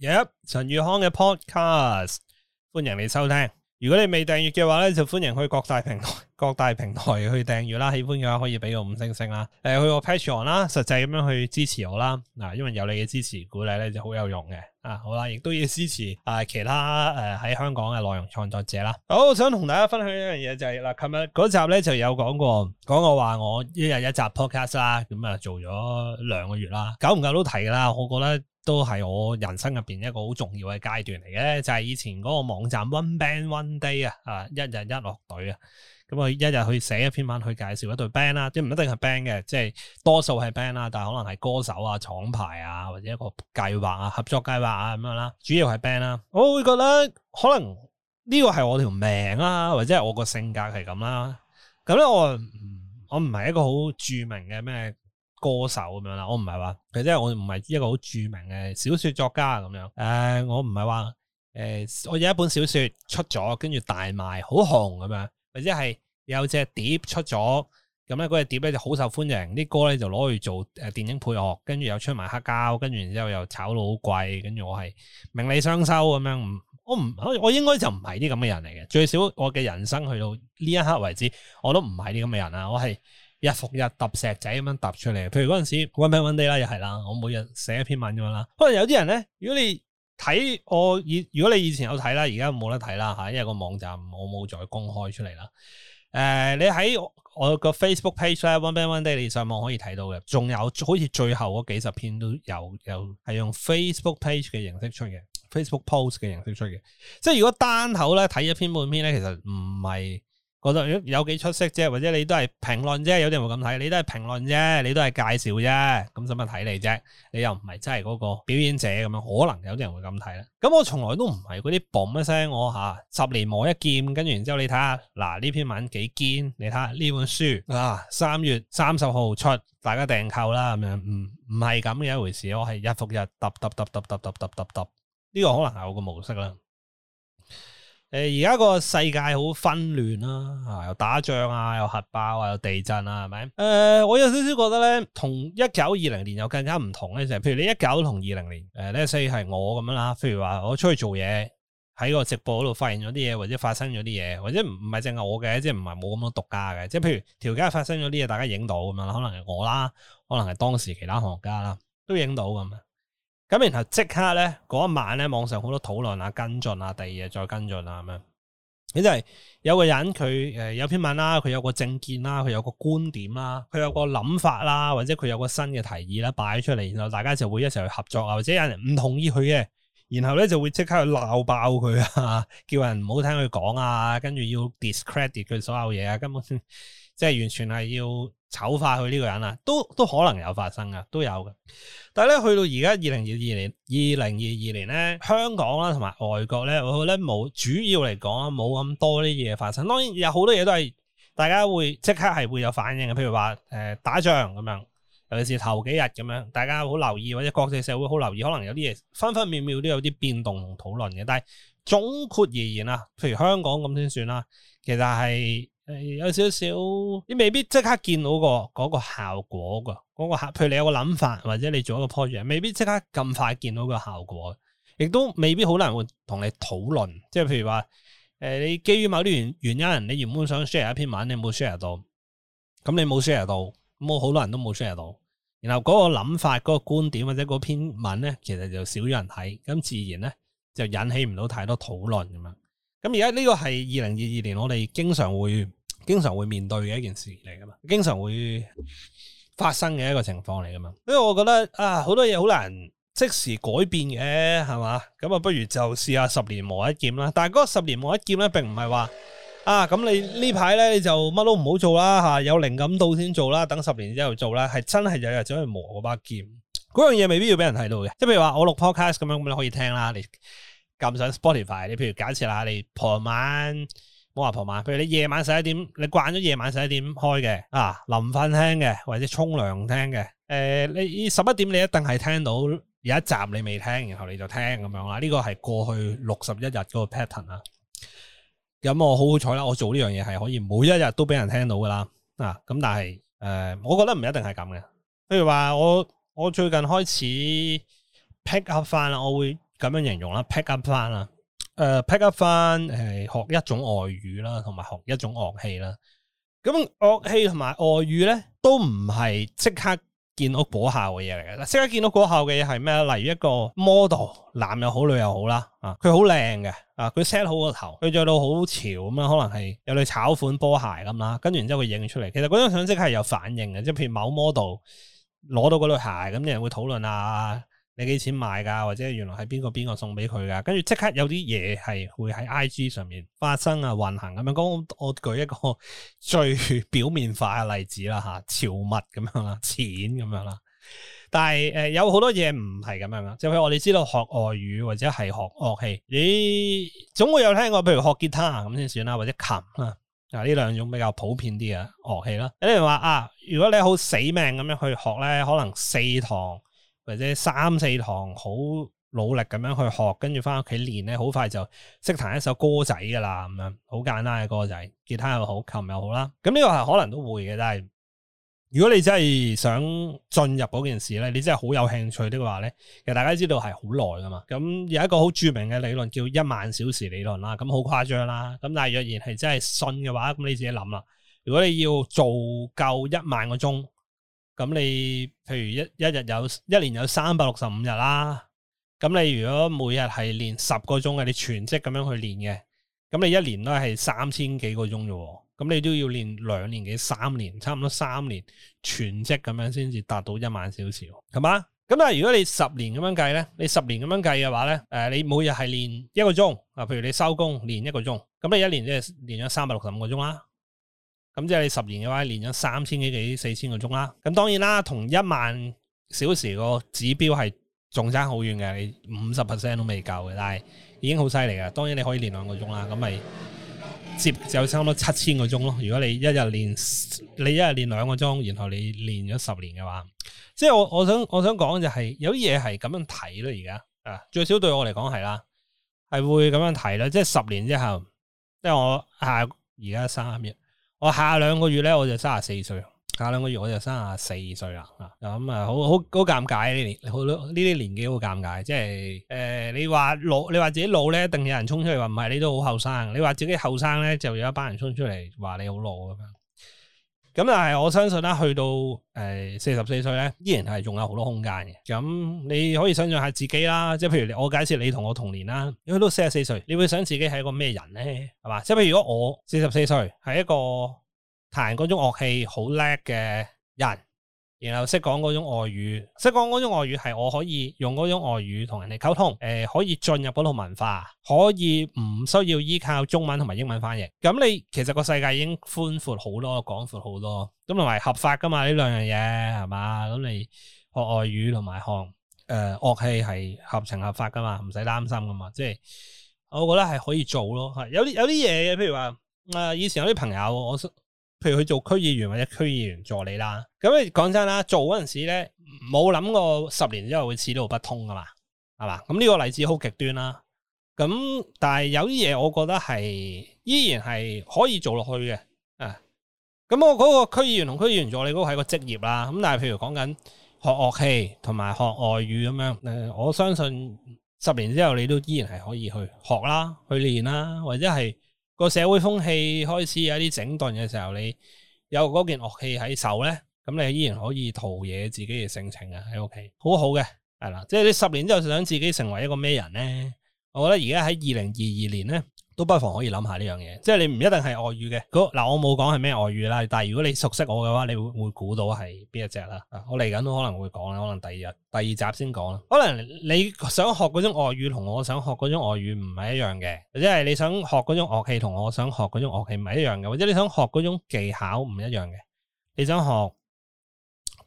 耶！yep, 陳宇康嘅 podcast，歡迎你收聽。如果你未訂閱嘅話咧，就歡迎去各大平台、各大平台去訂閱啦。喜歡嘅話，可以俾個五星星啦。誒，去個 Patreon 啦，實際咁樣去支持我啦。嗱，因為有你嘅支持鼓勵咧，就好有用嘅。啊，好啦，亦都要支持啊，其他誒喺香港嘅內容創作者啦。好想同大家分享一樣嘢就係、是，嗱，琴日嗰集咧就有講過，講過話我一日一集 podcast 啦，咁啊做咗兩個月啦，久唔久都提啦，我覺得。都係我人生入邊一個好重要嘅階段嚟嘅，就係以前嗰個網站 One Band One Day 啊，啊，一日一樂隊啊，咁啊，一日去寫一篇文去介紹一對 band 啦，即唔一定係 band 嘅，即係多數係 band 啦，但係可能係歌手啊、廠牌啊，或者一個計劃啊、合作計劃啊咁樣啦，主要係 band 啦，我會覺得可能呢個係我條命啦，或者係我個性格係咁啦，咁咧我我唔係一個好著名嘅咩歌手咁樣啦，我唔係話，佢即係我唔係一個好著名嘅小說作家咁樣。誒、呃，我唔係話，誒、呃，我有一本小說出咗，跟住大賣，好紅咁樣，或者係有隻碟出咗，咁咧嗰隻碟咧就好受歡迎，啲歌咧就攞去做誒電影配樂，跟住又出埋黑膠，跟住然之後又炒到好貴，跟住我係名利雙收咁樣。我唔，我我應該就唔係啲咁嘅人嚟嘅。最少我嘅人生去到呢一刻為止，我都唔係啲咁嘅人啊，我係。日復日揼石仔咁樣揼出嚟，譬如嗰陣時 One, One Day 啦，又係啦，我每日寫一篇文咁樣啦。可能有啲人咧，如果你睇我以，如果你以前有睇啦，而家冇得睇啦吓，因為個網站我冇再公開出嚟啦。誒、呃，你喺我個 Facebook Page 咧 One, One Day，你上網可以睇到嘅，仲有好似最後嗰幾十篇都有有係用 Facebook Page 嘅形式出嘅，Facebook Post 嘅形式出嘅。即係如果單口咧睇一篇半篇咧，其實唔係。覺得有幾出色啫，或者你都係評論啫，有啲人會咁睇，你都係評論啫，你都係介紹啫，咁使乜睇你啫？你又唔係真係嗰個表演者咁樣，可能有啲人會咁睇啦。咁我從來都唔係嗰啲嘣一聲，我吓十年磨一劍，跟住然之後你睇下，嗱呢篇文幾堅，你睇下呢本書啊，三月三十號出，大家訂購啦咁樣，唔唔係咁嘅一回事，我係日復日，揼揼揼揼揼揼揼揼呢個可能係我個模式啦。誒，而家，呃，個世界好紛亂啦，又打仗啊，又核爆啊，又地震啊，係咪？誒，呃，我有少少覺得咧，同一九二零年又更加唔同咧，就係譬如你一九同二零年，誒，呃，咧，所以係我咁樣啦。譬如話我出去做嘢，喺個直播嗰度發現咗啲嘢，或者發生咗啲嘢，或者唔唔係淨係我嘅，即係唔係冇咁多獨家嘅，即係譬如條街發生咗啲嘢，大家影到咁樣，可能係我啦，可能係當時其他行家啦都影到咁樣。咁然後即刻咧，嗰一晚咧，網上好多討論啊，跟進啊，第二日再跟進啊咁樣，即係有個人佢誒有篇文啦、啊、佢有個政見啦、啊、佢有個觀點啦、啊、佢有個諗法啦、啊、或者佢有個新嘅提議啦、啊、擺出嚟，然後大家就會一齊去合作啊，或者有人唔同意佢嘅、啊、然後咧就會即刻去鬧爆佢啊，叫人唔好聽佢講啊，跟住要 discredit 佢所有嘢啊，根本即係完全係要。醜化佢呢個人啊，都都可能有發生噶，都有噶。但係咧，去到而家二零二二年，二零二二年咧，香港啦同埋外國咧，我覺得冇主要嚟講啊，冇咁多呢啲嘢發生。當然有好多嘢都係大家會即刻係會有反應嘅，譬如話誒、呃，打仗咁樣，尤其是頭幾日咁樣，大家好留意或者國際社會好留意，可能有啲嘢分分秒秒都有啲變動同討論嘅。但係總括而言啊，譬如香港咁先算啦，其實係。有少少你未必即刻見到個個效果噶、那，個客，譬如你有個諗法或者你做一個 project，未必即刻咁快見到個效果，亦都未必好難會同你討論。即係譬如話，誒、呃，你基於某啲原原因，你原本想 share 一篇文，你冇 share 到，咁你冇 share 到，咁我好多人都冇 share 到。然後嗰個諗法、嗰、那個觀點或者嗰篇文咧，其實就少咗人睇，咁自然咧就引起唔到太多討論咁樣。咁而家呢個係二零二二年，我哋經常會。經常會面對嘅一件事嚟噶嘛，經常會發生嘅一個情況嚟噶嘛，因為我覺得啊，好多嘢好難即時改變嘅，係嘛，咁啊，不如就試下十年磨一劍啦。但係嗰十年磨一劍咧，並唔係話啊，咁你呢排咧你就乜都唔好做啦，吓，啊，有靈感到先做啦，等十年之後做啦，係真係日日走去磨嗰把劍，嗰樣嘢未必要俾人睇到嘅。即係譬如話我錄 Podcast 咁樣，咁你可以聽啦，你撳上 Spotify，你譬如假設啦，你傍晚。冇話傍晚，譬如你夜晚十一點，你慣咗夜晚十一點開嘅啊，臨瞓聽嘅或者沖涼聽嘅，誒、呃，你十一點你一定係聽到有一集你未聽，然後你就聽咁樣啦。呢、這個係過去六十一日嗰個 pattern 啊。咁我好好彩啦，我做呢樣嘢係可以每一日都俾人聽到噶啦。啊，咁但係誒，我覺得唔一定係咁嘅。譬如話我我最近開始 pick up 翻啦，我會咁樣形容啦，pick up 翻啦。誒、uh, pick up 翻誒、uh, 學一種外語啦，同埋學一種樂器啦。咁樂器同埋外語咧，都唔係即刻見到果效嘅嘢嚟嘅。即刻見到果效嘅嘢係咩咧？例如一個 model 男又好，女又好啦，啊，佢好靚嘅，啊，佢 set 好個頭，佢着到好潮咁樣，可能係有類炒款波鞋咁啦。跟住然之後佢影出嚟，其實嗰張相即刻係有反應嘅，即係譬如某 model 攞到嗰對鞋，咁啲人會討論啊。你幾錢買噶？或者原來係邊個邊個送俾佢噶？跟住即刻有啲嘢係會喺 I G 上面發生啊運行咁樣講。我舉一個最表面化嘅例子啦吓，潮物咁樣啦，錢咁樣啦。但係誒、呃、有好多嘢唔係咁樣啦。就譬如、係、我哋知道學外語或者係學樂器，你總會有聽過，譬如學吉他咁先算啦，或者琴啊，啊呢兩種比較普遍啲嘅樂器啦。有啲人話啊，如果你好死命咁樣去學咧，可能四堂。或者三四堂好努力咁樣去學，跟住翻屋企練咧，好快就識彈一首歌仔噶啦，咁樣好簡單嘅歌仔，吉他又好，琴又好啦。咁呢個係可能都會嘅，但係如果你真係想進入嗰件事咧，你真係好有興趣的話咧，其實大家知道係好耐噶嘛。咁有一個好著名嘅理論叫一萬小時理論啦，咁好誇張啦。咁但係若然係真係信嘅話，咁你自己諗啦。如果你要做夠一萬個鐘。咁你譬如一一日有一年有三百六十五日啦，咁你如果每日係練十個鐘嘅，你全職咁樣去練嘅，咁你一年都係三千幾個鐘啫喎，咁你都要練兩年幾三年，差唔多三年全職咁樣先至達到一萬少少，係嘛？咁但係，如果你十年咁樣計咧，你十年咁樣計嘅話咧，誒、呃，你每日係練一個鐘啊，譬如你收工練一個鐘，咁你,你一年即係練咗三百六十五個鐘啦。咁即係你十年嘅話，你練咗三千幾幾四千個鐘啦，咁當然啦，同一萬小時個指標係仲差好遠嘅，你五十 percent 都未夠嘅，但係已經好犀利噶。當然你可以練兩個鐘啦，咁咪接就差唔多七千個鐘咯。如果你一日練你一日練兩個鐘，然後你練咗十年嘅話，即係我我想我想講就係、是、有啲嘢係咁樣睇咯，而家啊最少對我嚟講係啦，係會咁樣睇啦。即係十年之後，即係我下而家三我、哦、下兩個月咧，我就三十四歲。下兩個月我就三十四歲啦。咁啊、嗯嗯，好好好尷尬呢年，呢啲年紀好尷尬。即係誒、呃，你話老，你話自己老咧，一定有人衝出嚟話唔係，你都好後生。你話自己後生咧，就有一班人衝出嚟話你好老啊。咁但係我相信啦、啊，去到四十四歲咧，依然係仲有好多空間嘅。咁、嗯、你可以想象下自己啦，即係譬如我假設你同我同年啦，你去到四十四歲，你會想自己係一個咩人呢？係嘛？即係譬如我四十四歲，係一個彈嗰種樂器好叻嘅人。然後識講嗰種外語，識講嗰種外語係我可以用嗰種外語同人哋溝通，呃，可以進入嗰套文化，可以唔需要依靠中文同埋英文翻譯。咁你其實個世界已經寬闊好多，廣闊好多。咁同埋合法噶嘛？呢兩樣嘢，係咪？咁你學外語同埋學誒、呃、樂器係合情合法噶嘛？唔使擔心噶嘛？即、就、係、是、我覺得係可以做咯。有啲有啲嘢，譬如話、呃、以前有啲朋友，我。譬如去做區議員或者區議員助理啦，咁你講真啦，做嗰陣時咧冇諗過十年之後會此路不通噶嘛，係嘛？咁呢個例子好極端啦，咁但係有啲嘢我覺得係依然係可以做落去嘅，啊！咁我嗰個區議員同區議員助理嗰個係個職業啦，咁但係譬如講緊學樂器同埋學外語咁樣，誒，我相信十年之後你都依然係可以去學啦，去練啦，或者係。個社會風氣開始有一啲整頓嘅時候，你有嗰件樂器喺手呢，咁你依然可以陶冶自己嘅性情啊！喺屋企好好嘅，係啦，即係你十年之後想自己成為一個咩人呢？我覺得而家喺二零二二年咧，都不妨可以諗下呢樣嘢，即係你唔一定係外語嘅。嗱，我冇講係咩外語啦，但係如果你熟悉我嘅話，你會會估到係邊一隻啦。我嚟緊都可能會講，可能第二日第二集先講啦。可能你想學嗰種外語同我想學嗰種外語唔係一樣嘅，或者係你想學嗰種樂器同我想學嗰種樂器唔係一樣嘅，或者你想學嗰種，種，種技巧唔一樣嘅，你想學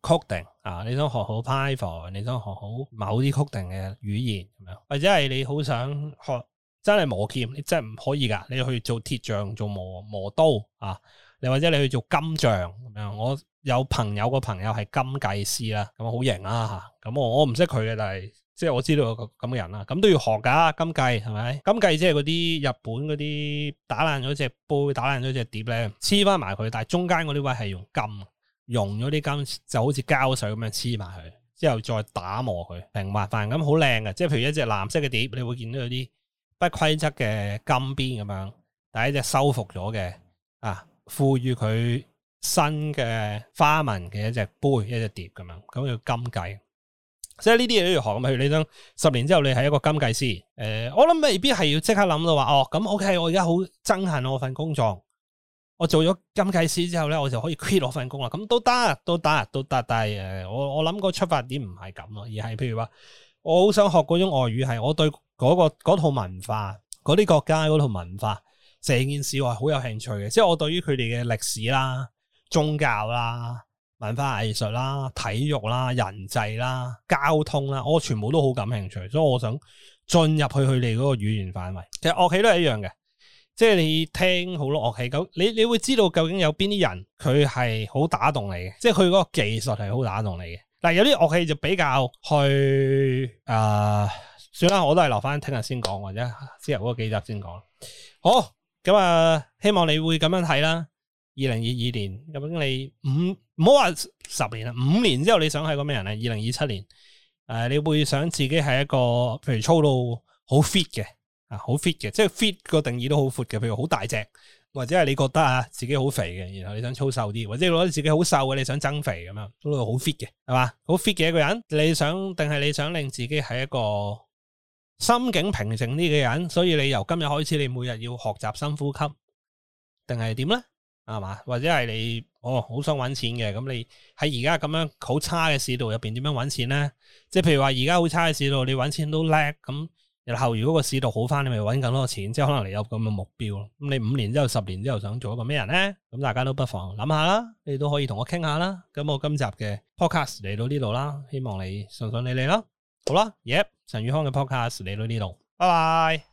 coding。啊！你想學好 Python，你想學好某啲特定嘅語言，或者係你好想學真係磨劍，你真係唔可以噶。你去做鐵匠做磨磨刀啊！你或者你去做金匠咁樣。我有朋友個朋友係金繼師啦，咁好型啊！咁、啊啊啊啊、我我唔識佢嘅，但係即係我知道有個咁嘅、這個、人啦。咁、啊、都要學噶金繼，係咪？金繼即係嗰啲日本嗰啲打爛咗隻杯、打爛咗隻碟咧，黐翻埋佢，但係中間嗰啲位係用金。融咗啲金，就好似膠水咁樣黐埋去，之後再打磨佢，平麻煩咁好靚嘅。即係譬如一隻藍色嘅碟，你會見到有啲不規則嘅金邊咁樣，第一隻修復咗嘅啊，賦予佢新嘅花紋嘅一隻杯，一隻碟咁樣，咁叫金計。即係呢啲嘢，都要學，咁你等十年之後，你係一個金計師。誒、呃，我諗未必係要即刻諗到話哦，咁 OK，我而家好憎恨我份工作。我做咗金計師之後咧，我就可以 quit 攞份工啦。咁都得，都得，都得。但係誒，我我諗個出發點唔係咁咯，而係譬如話，我好想學嗰種外語，係我對嗰、嗰個嗰套文化，嗰啲國家嗰套文化，成件事我係好有興趣嘅。即係我對於佢哋嘅歷史啦、宗教啦、文化藝術啦、體育啦、人際啦、交通啦，我全部都好感興趣，所以我想進入去佢哋嗰個語言範圍。其實樂器都係一樣嘅。即係你聽好多樂器，咁你你會知道究竟有邊啲人佢係好打動你嘅，即係佢嗰個技術係好打動你嘅。但係，有啲樂器就比較去誒、呃，算啦，我都係留翻聽日先講或者之後嗰幾集先講。好咁啊，嗯，希望你會咁樣睇啦。二零二二年究竟你五唔好話十年啦，五年之後你想係個咩人呢？二零二七年誒、呃，你會想自己係一個譬如操到好 fit 嘅。啊，好 fit 嘅，即係 fit 個定義都好闊嘅，譬如好大隻，或者係你覺得啊自己好肥嘅，然後你想粗瘦啲，或者覺得自己好瘦嘅，你想增肥咁樣，都好 fit 嘅，係嘛？好 fit 嘅一個人，你想定係你想令自己係一個心境平靜啲嘅人，所以你由今日開始，你每日要學習深呼吸，定係點咧？係嘛？或者係你哦，好想搵錢嘅，咁你喺而家咁樣好差嘅市道入邊，點樣搵錢咧？即係譬如話而家好差嘅市道，你搵錢都叻咁。日後如果個市道好翻，你咪搵更多錢，即係可能你有咁嘅目標咯。咁你五年之後、十年之後想做一個咩人呢？咁大家都不妨諗下啦，你都可以同我傾下啦。咁我今集嘅 podcast 嚟到呢度啦，希望你順順利利啦。好啦，yep，陳宇康嘅 podcast 嚟到呢度，拜拜。